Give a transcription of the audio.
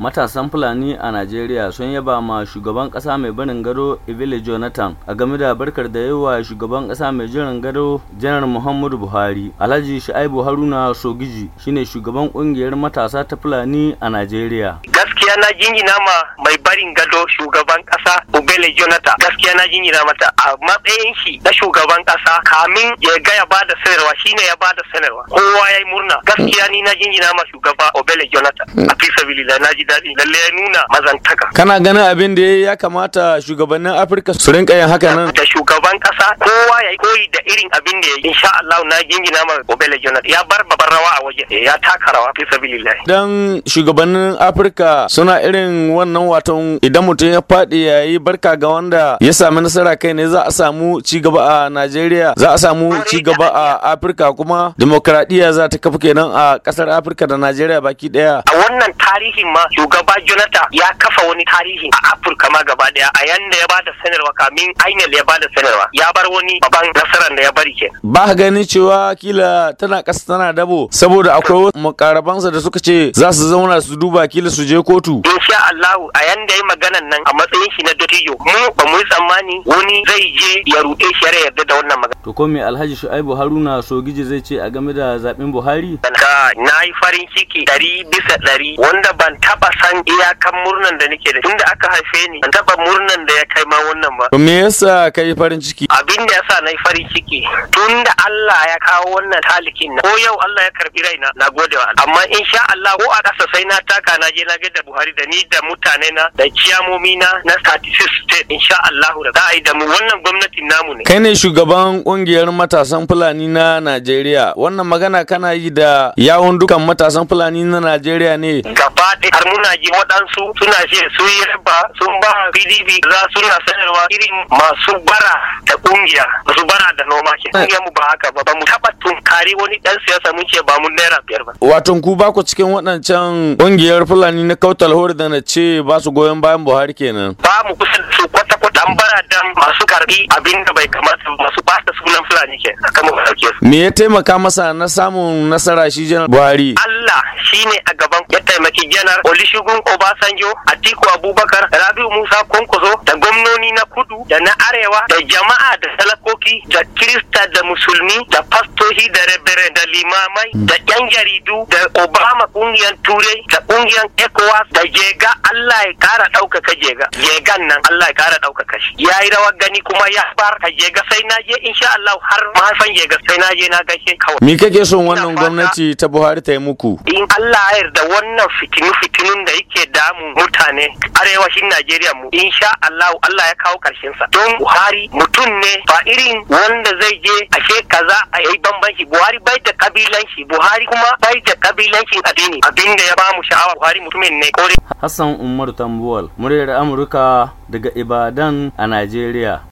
matasan fulani a najeriya sun yaba ma shugaban kasa mai barin gado ibile jonathan a game da barkar da yawa shugaban kasa mai jiran gado janar muhammadu buhari alhaji shi'aibu haruna sogiji shine shugaban kungiyar matasa ta fulani a najeriya gaskiya na jinjina ma mai barin gado shugaban kasa Ubele Jonathan gaskiya na jinjina mata a matsayin shi na shugaban kasa kamin ya ga ya bada sanarwa shine ya bada sanarwa kowa yayi murna gaskiya ni na jinjina ma shugaba Ubele Jonathan mm. a fisa sabilillah na ji daɗi lalle ya nuna mazantaka kana ganin abin da ya kamata shugabannin Afirka su rinka yin haka nan da shugaban kasa kowa yayi koyi da irin abin da ya insha Allah na jinjina ma Ubele Jonathan ya bar babar rawa a waje ya taka rawa fi sabilillah dan shugabannin Afirka suna irin wannan watan idan mutum ya faɗi yayi barka ga wanda ya sami nasara kai ne za a samu ci gaba a Najeriya za a samu ci gaba a Afirka kuma demokradiya za ta kafa kenan a kasar Afirka da Najeriya baki daya. A wannan tarihin ma shugaba Jonathan ya kafa wani tarihi a Afirka ma gaba daya a yanda ya bada sanarwa kamin Ainel ya bada sanarwa ya bar wani babban nasarar da ya bari ke. Ba gani cewa kila tana kasa tana dabo saboda akwai wasu da suka ce za su zauna su duba kila su je kotu kotu. Insha Allahu a yanda yi maganan nan a matsayin shi na dotijo mu ba mu yi tsammani wani zai je ya ruɗe shi ya yarda da wannan magana. To ko me Alhaji Shu'aibu Haruna Sogiji zai ce a game da zaben Buhari? Ka na yi farin ciki ɗari bisa ɗari wanda ban taɓa san iyakan murnan da nake da tunda aka haife ni ban taɓa murnan da ya kai ma wannan ba. to Me yasa ka yi farin ciki? Abin da yasa na yi farin ciki tunda Allah ya kawo wannan talikin na ko yau Allah ya karbi raina na gode wa Allah amma insha Allah ko a ƙasa sai na taka na je na ga Buhari da ni da mutane na da ciyamomi na na 36 state insha Allah da za a yi da mu wannan gwamnatin namu ne. Kai ne shugaban kungiyar matasan Fulani na Najeriya wannan magana kana yi da yawon dukan matasan Fulani na Najeriya ne. Gaba har muna ji waɗansu suna ce su yi raba sun ba PDP za suna sanarwa irin masu bara da kungiya su bara da noma ke eh. kungiya mu ba haka ba ba mu taba tunkari wani dan siyasa mun ce ba mu naira biyar ba wato ku ba ku cikin waɗancan kungiyar fulani na kautal hori da na ce ba su goyon bayan buhari kenan ba mu kusa da su masu karbi abin da bai kamata masu bata sunan fulani ke akan mu dauke su me ya taimaka masa na samun nasara shi janar buhari allah shine a gaban ya taimaki janar olusegun obasanjo atiku abubakar rabiu musa Konkoso, da gwamnoni na kudu da na arewa da jama'a da talakoki da kirista da musulmi da pastor jihohi da rabbere da limamai da yan jaridu da obama kungiyar turai da kungiyar ecowas da jega allah ya kara ɗaukaka jega jegan nan allah ya kara ɗaukaka shi ya yi rawar gani kuma ya bar ka jega sai na je insha allah har mahaifan jega sai na je na gashe kawai. me kake son wannan gwamnati ta buhari ta yi muku. in allah ya yarda wannan fitinu fitinun da yake damun mutane arewacin najeriya mu insha allah allah ya kawo karshen sa don buhari mutum ne ba irin wanda zai je ashe kaza a yi ban bambanci buhari bai da kabilanci buhari kuma bai da kabilancin addini abin da ya ba mu sha'awa buhari mutumin ne kore hassan umar tambuwal muryar amurka daga ibadan a najeriya